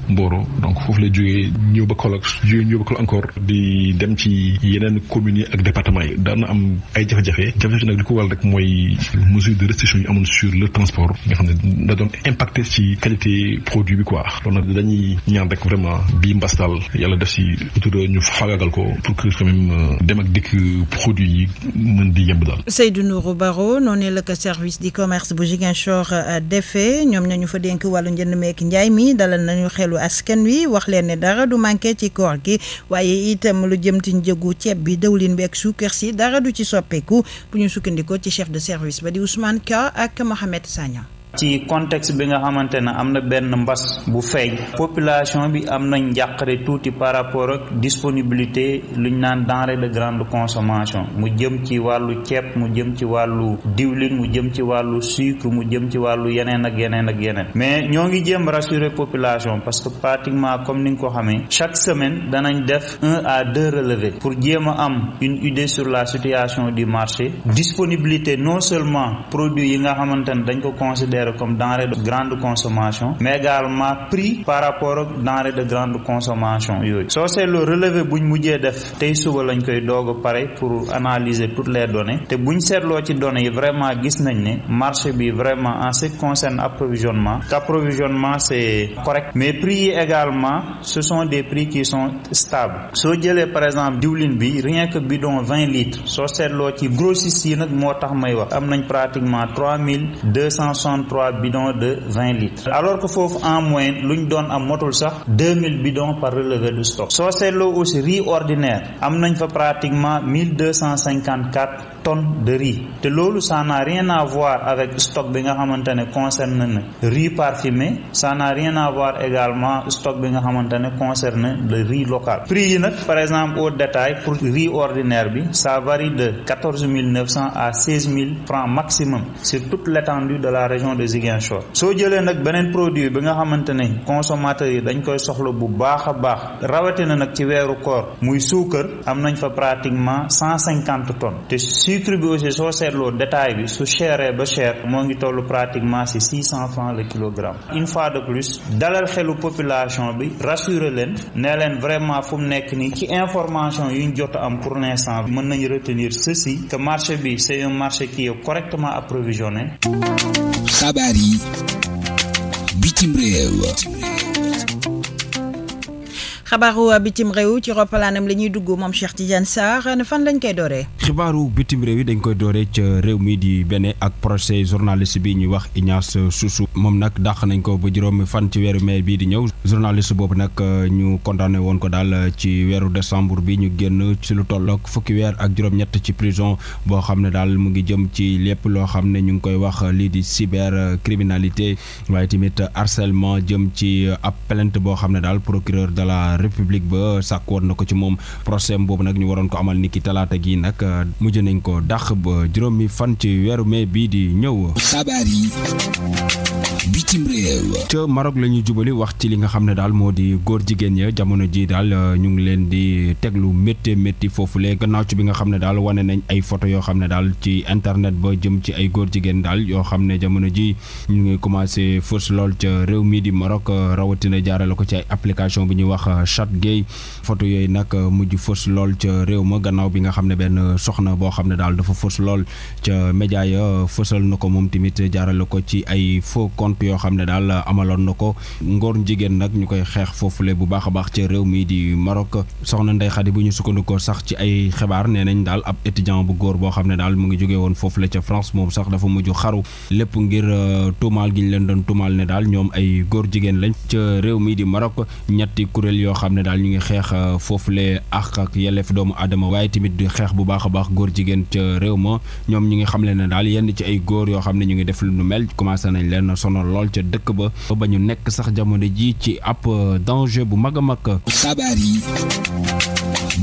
Mboro donc foofu lay jógee ñëw ba Kaolack jógee ñëw ba encore di dem ci yeneen communes yi ak départements yi daan am ay jafe-jafe jafe nag li ko waral rek mooy mesure de restriction yu amoon sur le transport nga xam ci qualité produit bi quoi donc nag dañuy ñaan rek vraiment bi mbastal yalla def ci utura ñu fagagal ko pour que quand même euh, dem ak dik produit yi mën di yeb dal Seydou Nourou Baro noonu le ko service di commerce bu Ziguinchor euh, defee ñoom ñoo ñu fa denk walu ñënd meek ñay mi dalal nañu xélu askan wi wax leen né dara du manqué ci koor gi waaye itam lu jëm ci njëgu ceeb bi dawlin bi ak suukar dara du ci soppeku bu ñu sukkandikoo ci chef de service ba di Ousmane Ka ak Mohamed Sagna ci contexte bi nga xamante ne am na benn mbas bu feeñ population bi am nañ njàqare tuuti par rapport ak disponibilité luñ naan denrée de grande consommation mu jëm ci wàllu ceeb mu jëm ci wàllu diwlin mu jëm ci wàllu sucre mu jëm ci wàllu yeneen ak yeneen ak yeneen mais ñoo ngi jéem rassurer population parce que pratiquement comme ni nga ko xamee chaque semaine danañ def 1 à deux relevés pour jéem a am une idée sur la situation du marché disponibilité non seulement produits yi nga xamante ne dañ ko considérer comme denrée de grande consommation, mais également prix par rapport aux denrées de grande consommation Ça, c'est le relevé buñ nous def les données. pour analyser toutes les données te buñ seetloo ci données vraiment gis nañ marché vraiment en ce qui concerne l'approvisionnement. L'approvisionnement, c'est correct mais prix également ce sont des prix qui sont stables soo jëlee par exemple du bi rien que bidon 20 litres ça, seetloo ci grossiste yi nag pratiquement 3260 3 bidons de 20 litres alors que faut en moins, nous donnons à am 2000 bidons par relevé de stock c'est l'eau aussi riz ordinaire Nous avons pratiquement 1254 de riz te lolu ça n'a rien à voir avec stock bi nga xamante concerné. riz parfumé ça n'a rien à voir également stock bi nga xamante concerné concerne le riz local prix yi par exemple au détail pour riz ordinaire bi ça varie de 14 900 à 16 000 francs maximum sur toute l'étendue de la région de Ziguinchor So jëlé nak benen produit bi nga xamante consommateur consommateurs yi dañ koy soxlo bu baaxa baax Rawaté nak ci wéru koor muy am nañ fa pratiquement 150 tonnes te Distribuer bi aussi soo seetloo détail bi cher et ba cher moo ngi pratiquement c'est 600 francs le kilogramme une fois de plus dalal xelu population bi rassurer leen nee vraiment fu mu nekk ci information une autre am pour l'instant maintenant nañu retenir ceci que marché bi c'est un marché qui est correctement approvisionné. xabaar bitim xabaaru bitim réew ci roppalaanam la ñuy dugg moom Cheikh Tidiane Sarr fan lañ koy dooree. xibaaru bitim réew yi dañ koy dooree ca réew mi di bene ak procès journaliste bi ñuy wax Ignace Soussou moom nag dàq nañ ko ba juróomi fan ci weeru mai bii di ñëw journaliste boobu nag euh, ñu condamné woon ko daal euh, ci weeru décembre bi ñu génn ci lu tollook fukki weer ak juróom-ñett ci prison boo xam ne daal mu ngi jëm ci lépp loo xam ne ñu ngi koy wax lii di cyber criminalité waaye tamit arcelement jëm ci euh, ab plainte boo xam ne daal procureur de Republik ba sàkk proses na ko ci moom procès boobu nag ñu waroon ko amal niki ki talaata gi nag eh, nañ ko dàq ba juróomi fan ci weeru mai bii di ñëw. bitim réew ca Maroc la jubali wax ci li nga xam ne daal moo di góor jigéen ya jamono ji daal euh, ñu ngi leen di teglu métti foofu foofulee gannaaw ci bi nga xam ne daal wane nañ ay photo yoo xam ne daal ci internet ba jëm ci ay góor jigéen daal yoo xam ne jamono ji ñu ngi commencé fës lool ca réew mii di Maroc euh, rawatina jaarale ko ci ay application bi ñuy wax euh, chat gay foto yooyu nag mujj fës lool ca réew ma gannaaw bi nga xam ne benn soxna boo xam ne daal dafa fës lool ca média ya fësal pompe yoo xam ne daal amaloon na ko ngóor jigéen nag ñu koy xeex foofule bu baax a baax ca réew mii di Maroc soxna Ndeye Khady bu ñu sukkandikoo sax ci ay xibaar nee nañ daal ab étudiant bu góor boo xam ne daal mu ngi jógee woon foofule ca France moom sax dafa mujj xaru lépp ngir euh, tuumaal gi ñu leen doon tuumaal ne daal ñoom ay góor jigéen lañ ca réew mii di Maroc ñetti kuréel yoo xam ne daal ñu ngi xeex euh, foofule àq ak yelleef doomu aadama waaye tamit di xeex bu baax a baax góor jigéen ca réew ma ñoom ñu ngi xam le ne daal yenn ci ay góor yoo xam ne ñu ngi def lu mel commencé nañ leen sonal sonal lool ca dëkk ba ba ñu nekk sax jamono ji ci ab euh, danger bu mag a mag. xabaar yi.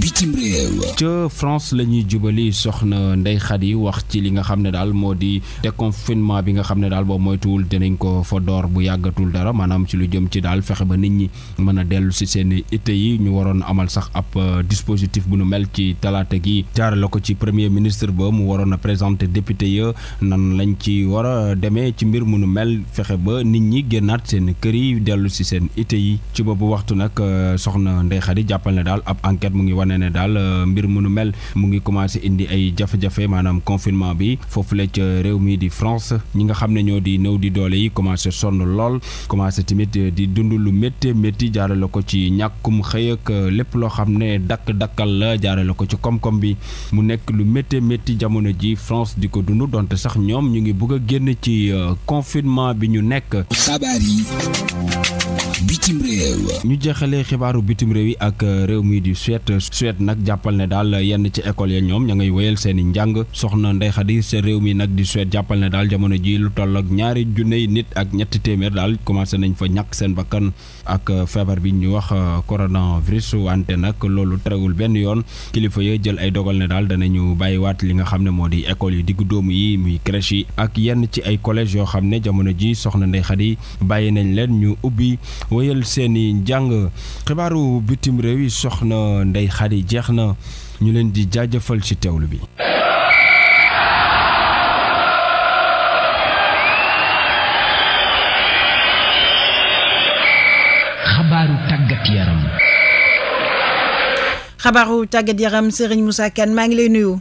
bitim réew ca France la ñuy jubali soxna Ndey Xadi wax ci li nga xam ne daal moo di déconfinement bi nga xam ne daal boo moytuwul dinañ ko fa door bu yàggatul dara maanaam ci lu jëm ci daal fexe ba nit ñi mën a dellu si seen ité yi ñu waroon amal sax ab euh, dispositif bu nu mel ci talaata gi jaarale ko ci premier ministre ba mu waroon a présenter député ya nan lañ ci war a ci mbir mu nu mel fexe ba nit ñi génnaat seen kër yi dellu si seen ité yi ci boobu waxtu nag euh, soxna Ndey Xadi jàppal ne daal ab enquête mu ngi wane ne daal euh, mbir mu mel mu ngi commencé indi ay jafe-jafe maanaam confinement bi foofu la ca réew mii di France ñi nga xam ne ñoo di néew di doole yi commencé sonn lool commencé tamit euh, di dund lu métti métti jaarale ko ci ñàkkum xëy ak euh, lépp loo xam ne dakk-dakkal la jaarale ko ci koom-koom bi mu nekk lu métti métti jamono ji France di ko dund donte sax ñoom ñu ngi bëgg a génn ci confinement bi ñu nekk. xabaar yi. bitim réew ñu jeexalee xibaaru bitim réew yi ak euh, réew mi di Suède Suède nag jàppal ne daal yenn ci école ya ñoom ña ngay wéyal seen i njàng soxna Ndey Xadi sa réew mi nag di Suède jàppal ne daal jamono ji lu toll ak ñaari yi nit ak ñetti téeméer daal commencé nañu fa ñàkk seen bakkan ak euh, feebar bi ñu wax euh, coronavirus wante nag loolu terewul benn yoon kilifa ya jël ay dogal ne daal danañu bàyyiwaat li nga xam ne moo di école yu diggu dóomu yi muy crèche yi ak yenn ci ay collège yoo xam ne jamono ji soxna Ndey Xadi wéyal seeni i njàng xibaaru bitim réew yi soxna Ndeye Khady jeex na ñu leen di jaajëfal ci teewlu bi. xabaaru tàggat yaram. xabaaru tàggat yaram Serigne Moussa maa ngi lay nuyu.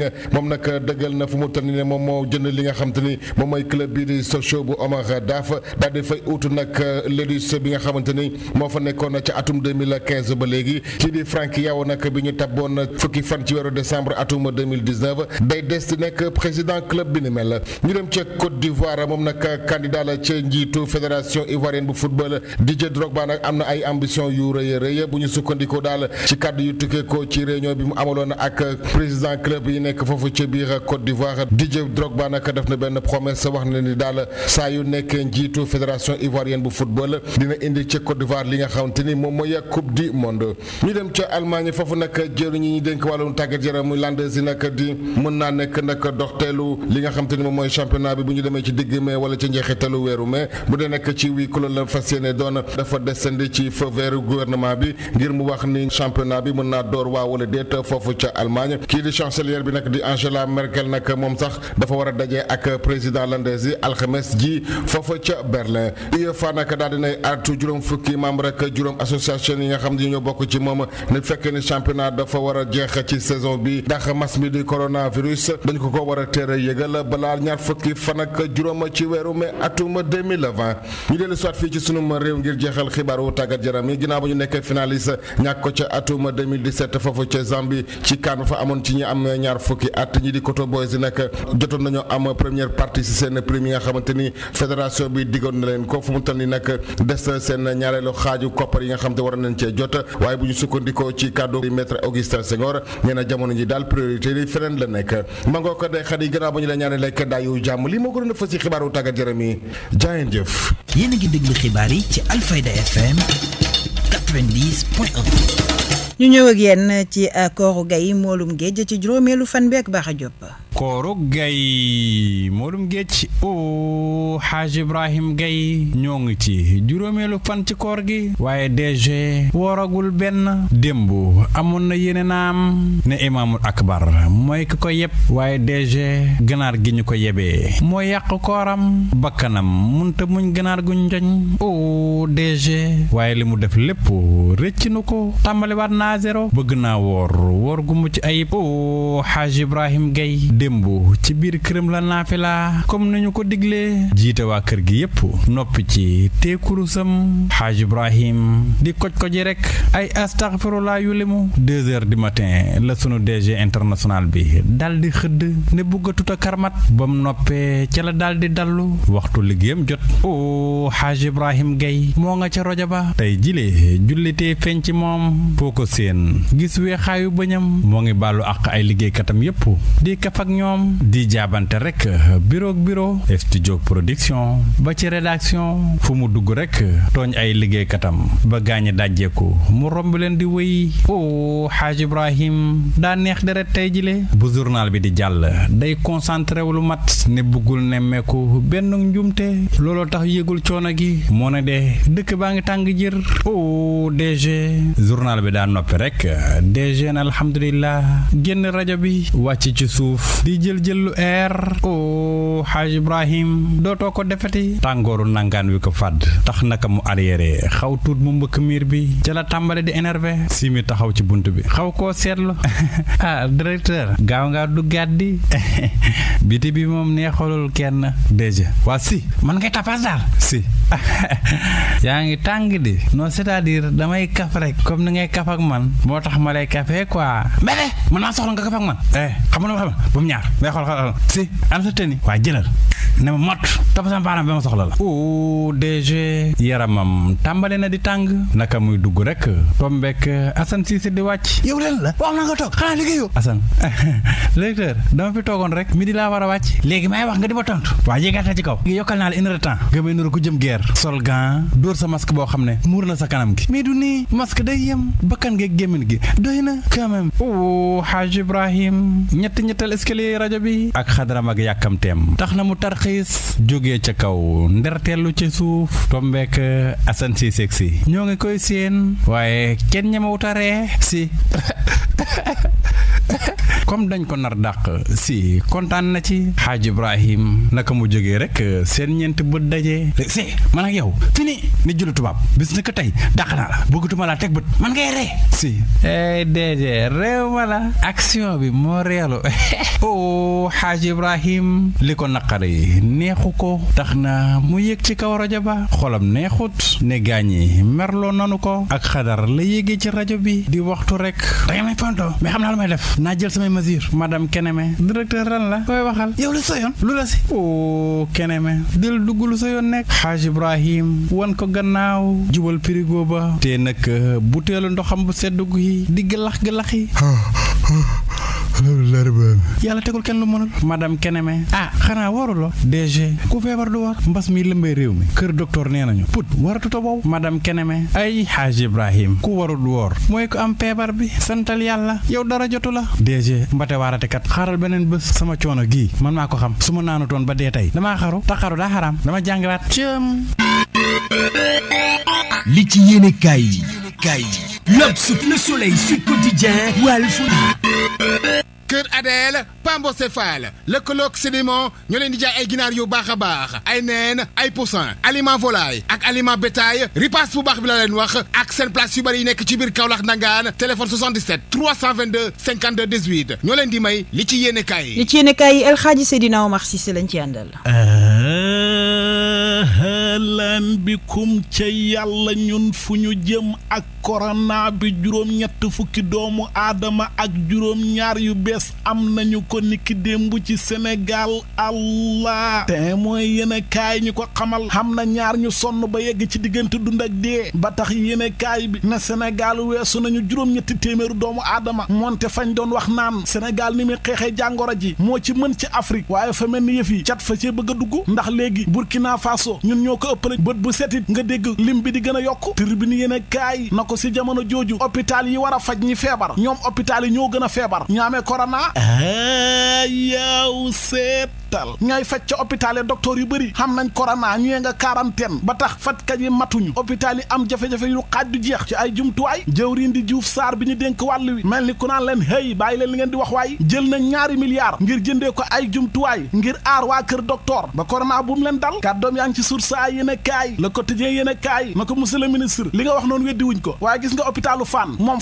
Dieng moom nag dëggal na fu mu toll moom moo li nga xam te ni moom mooy club bii di Sochaux bu Omar Daf daal fay ut nag Ledus bi nga xamante ni moo fa nekkoon na ci atum 2015 ba léegi kii di Franck Yao nag bi ñu na fukki fan ci weeru décembre atum 2019 day des di nekk président club bi ni mel ñu dem ci Côte d'Ivoire moom nag candidat la ci njiitu fédération ivoirienne bu football Didier Drogba nag am na ay ambition yu rëy a rëy bu ñu sukkandikoo daal ci kàddu yu tukkee ci réunion bi mu amaloon ak président club yi nekk foofu ca biir Côte d'Ivoire Didier Drogba nag def na benn promesse wax na ni daal saa yu nekkee njiitu fédération ivoirienne bu football dina indi ca Côte d'Ivoire li nga xamante ni li nga xamante ni moom mooy championnat bi bu ñu demee ci digg mai wala ci njeexitalu weeru mai bu dee nekk ci wii kuréel la fas yéene doon dafa descendi ci feu vert bi ngir mu wax ni championnat bi mën naa door waa wala déet foofu ca Allemagne kii di chancelier bi nag di Angela Merkel nag moom sax dafa war a daje ak président landes yi alxames ji foofa ca Berlin UEFA nag daal dinay artu juróom fukki membre ak juróom association yi nga xam ne ñoo bokk ci moom ne fekkee ni championnat dafa war a jeex ci saison bi ndax mas mi di coronavirus dañ ko ko war a teel a yëgal balaa ñaar fukki fan ak juróom ci weeru mai atum 2020 ñu dellu soit fii ci sunum réew ngir jeexal xibaaru tàggat yaram yi ginnaaw ba ñu nekkee finaliste ñàkk ko ca atum 2017 foofu ca Zambie ci kaan fukki at ñi di Koto Boys yi nag jotoon nañoo am première partie ci seen prime yi nga xamante ni fédération bi diggoon na leen ko fu mu toll nii nag des seen ñaareelu xaaju koppar yi nga xam te war nañ cee jot waaye bu ñu sukkandikoo ci kàddu di maître Augustin Senghor nee jamono ji daal priorité li feneen la nekk mangoo ko day xat yi ba ñu la ñaanee lekk daa yu jàmm lii moo gënoon a fës ci xibaaru tàggat yaram yi jaayeen jëf yéen a ngi xibaar yi ci Alfayda FM 90 ñu ñëw ak yenn ci euh, kooru gay moolum géej ci juróomeelu fan bi baax a jopp Kooru Gaye Modou Géej o oh, Xaaj Ibrahim Gaye ñoo ngi ci juróomeelu fan ci koor gi waaye DG wooragul benn démb amoon na yéene naam ne imaamul akbar mooy ki ko yeb waaye DG ganaar gi ñu ko yebee mooy yàq kooram bakkanam munta muñ ganaar guñ njoñ o oh, DG waaye li mu def lépp rëcc na ko tàmbaliwaat naa bëgg naa woor woor gu mucc ayib o oh, Xaaj Ibrahim Gaye dembo ci bir kërëm la la comme nañu ko diglé jité wa kër gi yépp nopi ci té kurusam haj ibrahim di koj koj rek ay astaghfirullah yulimu 2h du matin la sunu DG international bi dal di xëdd ne bëggatut a karmat bam noppé ci la dal di dallu waxtu liggéeyam jot o oh, haj ibrahim gay mo nga ci roja ba tay jilé julité feeñ mom moom seen ko séen gis weexaayu bëñam moo ngi balu ak ay katam yépp di kafak ñoom di jaabante rek biroog bureau studio production ba ci rédaction fu mu dugg rek tooñ ay liggéeykatam ba gaañi dajjeeku mu romb leen di wéy o oh, xaaj Ibrahim daa neex deret tey jile bu journal bi di jàll day concentré wu lu mat ne buggul nemmeeku benn njuumte looloo tax yëgul coono gi moo ne de dëkk baa ngi tàng jër o oh, DG journal bi daa noppi rek DG na alhamdulilah génn rajo bi wàcc ci suuf di jël lu air o Haj Ibrahim doto ko defeti tangoru nangan wi ko fad tax naka mu arrière xaw tuut mu mbeuk mir bi la di énervé simi taxaw ci buntu bi xaw ko seetlu ah directeur gaaw nga du gaddi biti bi moom neexalul kenn déjà wa si man ngay tapas dal si yaa ngi di no c'est-à-dire damay kaf rek comme ni ngay kaf ak man motax malay kafé quoi mais man maa soxla nga kaf ak man eh xamna xamna bu ñaar ngay xool xool si am sa tenue jëlal ne ma mot topp sama baaraam ba ma soxla la o DG yaramam tàmbale na di tàng naka muy dugg rek tombek Assane Cissé di wàcc yow leen la waaw na nga toog xanaa liggéeyoo Assane lecteur dama fi toogoon rek di laa war a wàcc léegi may wax nga di ma tontu waa yéegaata ci kaw yokkal naa la une heure de temps nga may nuru ku jëm guerre sol gan dóor sa masque boo xam ne muur na sa kanam gi mais du nii masque day yem bakkan ngeeg gémmin gi doy na quand même o Haaj Ibrahim ñetti ñettal rajo bi ak raxiis jóge ca kaw nderteelu ci suuf tombeek eh, Assane Cissé si ñoo ngi koy séen waaye kenn ñemewutaree si comme dañ ko nar dàq si kontaan na ci xaaj Ibrahim naka mu jógee rek seen ñeent bët dajee si man ak yow fini ni julli tubaab bis na ko tey dàq naa la bëggatuma laa teg bët man ngay ree si ey eh, déedéet réew ma la action bi moo reelu o oh, xaaj Ibrahim li ko naqari neexu ko tax na mu yëg ci kaw rajo ba xolam neexut ne gaañi merloo nanu ko ak xadar la yéegee ci rajo bi di waxtu rek da may ponto mais xam naa lu may def naa jël samay mesure madame Keneme directeur ran la koy waxal yow lu sa yoon lu la si o oh, Keneme del dugg lu sa yoon nekk Haaj Ibrahim wan ko gannaaw jubal pirigo ba te nag buteelu ndoxam bu sedd gi di gëlax gëlaxi yàlla tegul kenn lu mënul madame Keneme ah xanaa waruloo DG ku feebar du war mbas mi lëmbee réew mi kër docteur nee nañu put waratuta boobu madame Keneme ay Haji Ibrahim ku warul woor mooy ko am feebar bi santal yàlla yow dara jotu la DG mbate waarate kat xaaral beneen bés sama coono gii man maa ko xam su ma naanutoon ba dee tey damaa xaru taxaru daa xaraam dama jàngiraat cëm li ci yéene kaay yi kaay yi L'Obs, Le Soleil, Sud Quotidien, Walf Kër Adel Pambocéphale lëkkaloog sédiment ñoo leen di jaay ay ginaar yu baax a ay neen ay poussin aliment volaille ak aliment bétail ripaas bu baax bi la leen wax ak seen place yu bari yi nekk ci biir téléphone 77 322 52 18 ñoo leen di may li ci yéene kaay li ci yéene kaay El Hadji Seydina Omar Cissé lañ ci àndal. Euh, ahlan bikum ca yàlla ñun fu ñu jëm ak korona bi juróom-ñett fukki doomu aadama ak juróom-ñaar yu bees am nañu ko niki démb ci Sénégal allah te mooy yéene kaay ñu ko xamal xam na ñaar ñu sonn ba yegg ci diggante dund ak dee ba tax yéene kaay bi na Sénégal weesu nañu juróom-ñetti téeméeru doomu aadama moonte fañ doon wax naan Sénégal ni muy xeexee jàngoro ji moo ci mën ci Afrique waaye fa mel yëf yi cat fa cee bëgg a dugg ndax léegi Burkina Faso ñun ñoo ëpp na bët bu setit nga dégg lim bi di gën a yokk tribune yéen a kaay na ko si jamono jooju hôpital yi war a faj ñi feebar ñoom hôpital yi ñoo gën a feebar ñaame korona ah, yaw seet hôpital ñay faj ca hôpital yi yu bëri xam nañ corona ñëwee nga quarantaine ba tax fajkat yi matuñu hôpital yi am jafe-jafe yu xaaj du jeex ci ay jumtuwaay jëwriin di Diouf Sarr bi ñu dénk wàll wi mel ni ku naan leen hey bàyyi leen li ngeen di wax waay jël na ñaari milliards ngir jëndee ko ay jumtuwaay ngir aar waa kër docteur ba corona bu leen dal kàddoom yaa ngi ci source ay yéen a kaay le quotidien yéen a kaay na ko monsieur ministre li nga wax noonu weddi wuñ ko waaye gis nga hôpitalu Fann moom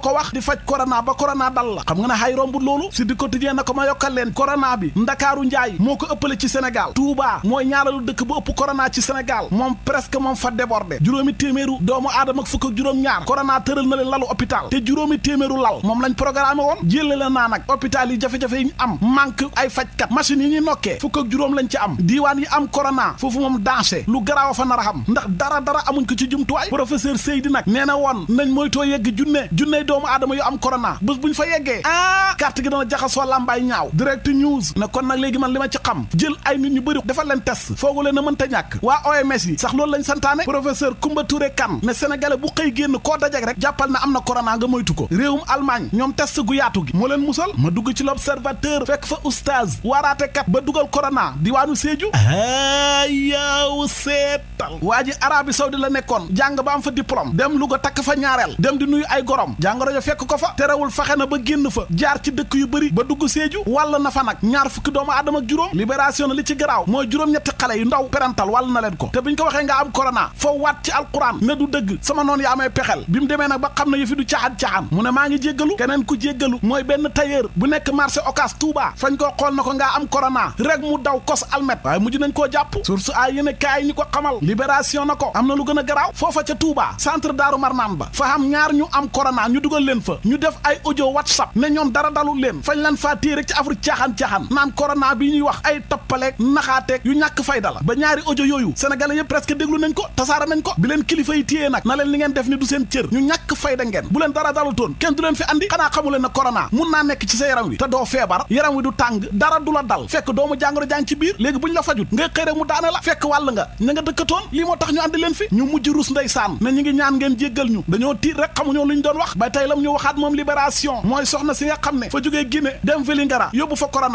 ko wax di faj corona ba corona dal la xam nga ne xay rombul loolu si di quotidien na ko ma corona bi ndakaaru njaay moo ko ëppale ci Sénégal Touba mooy ñaareelu dëkk bu ëpp corona ci Sénégal moom presque moom fa débordé juróomi téeméeru doomu aadama ak fukk ak juróom-ñaar corona tëral na leen lalu hôpital te juróomi téeméeru lal moom lañ programme woon jëlle la naa nag hôpital yi jafe-jafe yi ñu am manque ay fajkat machine yi ñuy nokkee fukk ak juróom lañ ci am diiwaan yi am corona foofu moom danger lu garaaw a fa nar a xam ndax dara dara amuñ ko ci jumtuwaay professeur Seydi nag nee na woon nañ moytoo yegg junne junney doomu aadama yu am corona bés buñ fa yeggee ah gi dana jaxasoo làmbaay ñaaw direct 12 ne kon nag léegi man li ma ci xam jël ay nit ñu bëri defal leen test foogu leen na mënta ñàkk waa OMS yi sax loolu lañ santaane professeur Koumba Touré Kane ne sénégalais bu xëy génn koo dajek rek jàppal na am na corona nga moytu ko réewum Allemagne ñoom test gu yaatu gi moo leen musal ma dugg ci l'observateur fekk fa oustaz waaraatekat ba dugal corona diwaanu Sédhiou a yaaw seetal waa ji Arabie la nekkoon jàng ba am fa diplôme dem Louga takk fa ñaareel dem di nuyu ay gorom jàngoro ja fekk ko fa terewul faxe na ba génn fa jaar ci dëkk yu ba dugg Sédhiou wàll na ñaar fukki doomu aadama ak juróom libération na li ci garaaw mooy juróom-ñetti xale yu ndaw perantal wàll na leen ko te biñ ko waxee nga am korona foo waat ci alquran ne du dëgg sama noonu yaa amee pexel bi mu demee nag ba xam ne yëfi du caaxaan-caaxaan mu ne maa ngi jéggalu keneen ku jéggalu mooy benn tailleur bu nekk marché Ocass Touba fañ koo xool na ko ngaa am korona rek mu daw kos almet waaye mujj nañ koo jàpp source a yéen kaay ñu ko xamal libération na ko am na lu gën a garaaw foofa ca Touba centre Daaru Marnaan ba fa xam ñaar ñu am korona ñu dugal leen fa ñu def ay audio whatsapp ne ñoom dara dalul leen fañ leen faa téye rek ci afru xam naan corona bi ñuy wax ay toppaleeg naxaateeg yu ñàkk fayda la ba ñaari audio yooyu sénégalais yëpp presque déglu nañ ko tasaara nañ ko bi leen kilifa yi téyee nag na leen li ngeen def ni du seen cër ñu ñàkk fayda ngeen bu leen dara dalutoon kenn du leen fi andi xanaa xamu leen na corona mun naa nekk ci sa yaram wi te doo feebar yaram wi du tàng dara du la dal fekk doomu jàngoro jàng ci biir léegi bu ñu la fajut ngay xëy mu daana la fekk wàll nga ña nga dëkkatoon lii moo tax ñu àndi leen fi ñu mujj ngi ñaan ngeen jéggal ñu dañoo tiit rek xamuñoo lu ñu wax bay tey lam ñu waxaat moom libération mooy soxna si nga xam ne fa jógee Guinée dem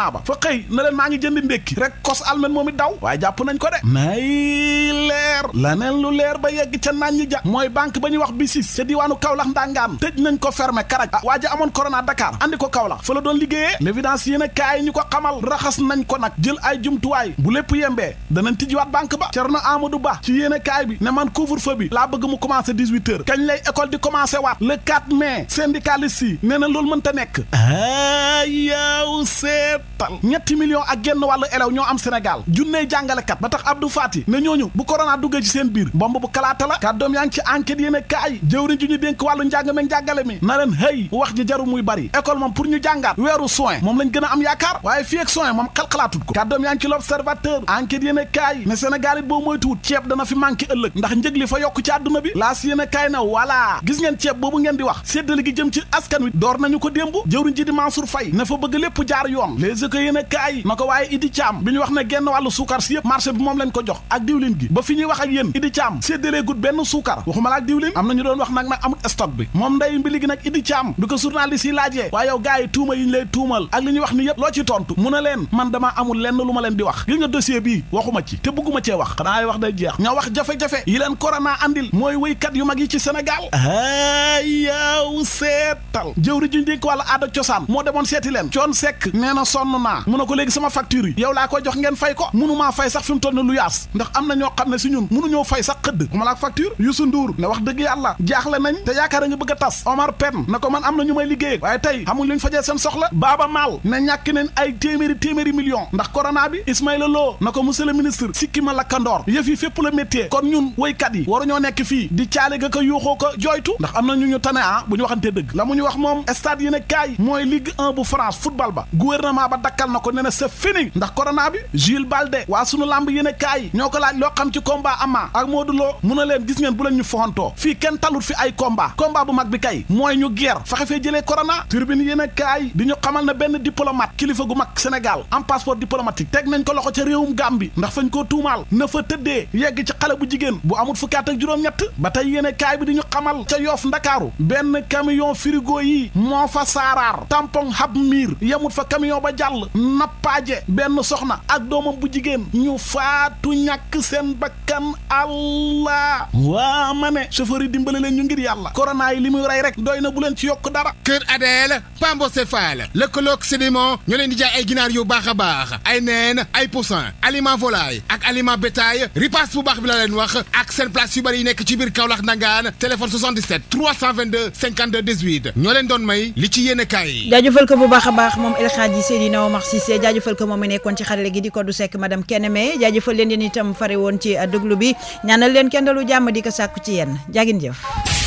daaba fa xëy na leen maa ngi jënd ndékki rek kos almen moom it daw waaye jàpp nañ ko de nay leer la neen lu leer ba yegg ca naan ñi ja mooy banque ba ñuy wax BICIS ca diwaanu Kaolack ndangaan tëj nañ ko fermé karaj ah waa ji amoon corona Dakar andi ko Kaolack fa la doon liggéeyee l'évidence yéen a kaay ñu ko xamal raxas nañ ko nag jël ay jumtuwaay bu lépp yembee danañ tijjiwaat banque ba Cerno Amadou Ba ci yéen a kaay bi ne man couvre-feu bi laa bëgg mu commencé 18 heures kañ lay école di commencé waat le 4 mai syndicaliste yi nee na loolu mënta nekk ayaw ah, settal ñetti millions ak genn wàllu élève ñoo am Sénégal junnee jàngalekat ba tax Abdou Fati ne ñooñu bu corona duggee ci seen biir bomb bu kalaata la kàddoom yaa ngi ci enquête yéen e kaay jëwriñ ju ñu dénk wàllu njàng meeg njàngale mi na leen hëy wax ji jaru bari école moom pour ñu jàngaat weeru soin moom lañ gën a am yaakaar waaye fii ak soin moom xalxalaatut ko kàddoom yaa ngi ci l'observateur enquête yéen e kaay ne Sénégal it boo moytuwut ceeb dana fi di wax séddale gi jëm ci askan wi ko démb jëwriñ ji di na fa bëgg lépp jaar ko yéen kaay ma ko waaye Idi Thiam bi ñu wax ne genn wàllu suukar si yëpp marché bi moom lañ ko jox ak diwlin gi ba fi ñuy wax ak yéen Idi Thiam séddalee gut benn suukar waxuma la ak diwlin am na ñu doon wax nag nag amut stock bi moom nday mbili gi nag Idi Thiam bi ko journaliste yi laajee waaye yow gars yi tuuma yi ñu lay tuumal ak li ñuy wax ni yëpp loo ci tontu mu ne leen man damaa amul lenn lu ma leen di wax gis nga dossier bii waxuma ci te bëgguma cee wax xanaa wax day jeex ña wax jafe yi leen corona andil mooy wéykat yu mag yi ci Sénégal ayaw seetal jëwri juñ dénk wàllu aada cosaan moo demoon seeti leen coon sekk nee na sonn naa mu ne ko léegi sama facture yi yow laa koy jox ngeen fay ko mënumaa fay sax fi mu toll lu yaas ndax am na ñoo xam ne si ñun mënuñoo fay sax xëdd ku ma laak facture Youssou Ndour ne wax dëgg yàlla jaaxle nañ te yaakaar a nga bëgg a tas Omar Pène na ko man am na ñu may liggéey waaye tey xamuñ lu fajee seen soxla Baaba Maal ne ñàkk neen ay téeméeri téeméeri million ndax corona bi Ismaïla na ko monsieur le sikki ma lakkandoor yëf yi fépp dakkal na ko ne na c'est fini ndax corona bi Jules Balde waa sunu lamb yéen a ñoo ko laaj loo xam ci combat ama ak Modou Lo mun a leen gis ngeen bu leen ñu foxantoo fii kenn talut fi ay komba komba bu mag bi kay mooy ñu guerre fexe fee jëlee corona turbine yéen di ñu xamal na benn diplomate kilifa gu mag Sénégal am passeport diplomatique teg nañ ko loxo ca réewum Gàmbi ndax fañ ko tuumaal na fa tëddee yegg ci xale bu jigéen bu amul fukki at ak juróom-ñett ba tey yéen a kaay bi di ñu xamal ca yoof ndakaaru benn camion yi moo fa saaraar tampon hab miir yemut fa camion ba jàll sàll nappaaje benn soxna ak domam bu jigéen ñu faatu ñàkk seen bakkan allah waa ma ne chauffeur yi leen ñu ngir yalla corona yi limuy ray rek doyna bu leen ci yok dara keur Adel Pambo Le Coloc sédiment ñu leen di jaay ay ginaar yu baxa bax ay neen ay poussin aliment volaille ak aliment bétail ripaas bu bax bi la leen wax ak seen place yu bari yi nekk ci bir kaolax Ndangaan téléphone 77 322 52 18 ñoleen don may li ci yéen kay kaay ko bu baxa bax mom El Hadji Seydina Seydina Omar Cissé jaajëfal ko moom nekkoon ci xarale gi di ko du sekk madame Keneme jaajëfal leen yéen itam fare woon ci déglu bi ñaanal leen kenn dalu jàmm di ko sàkku ci yéen jaagin jëf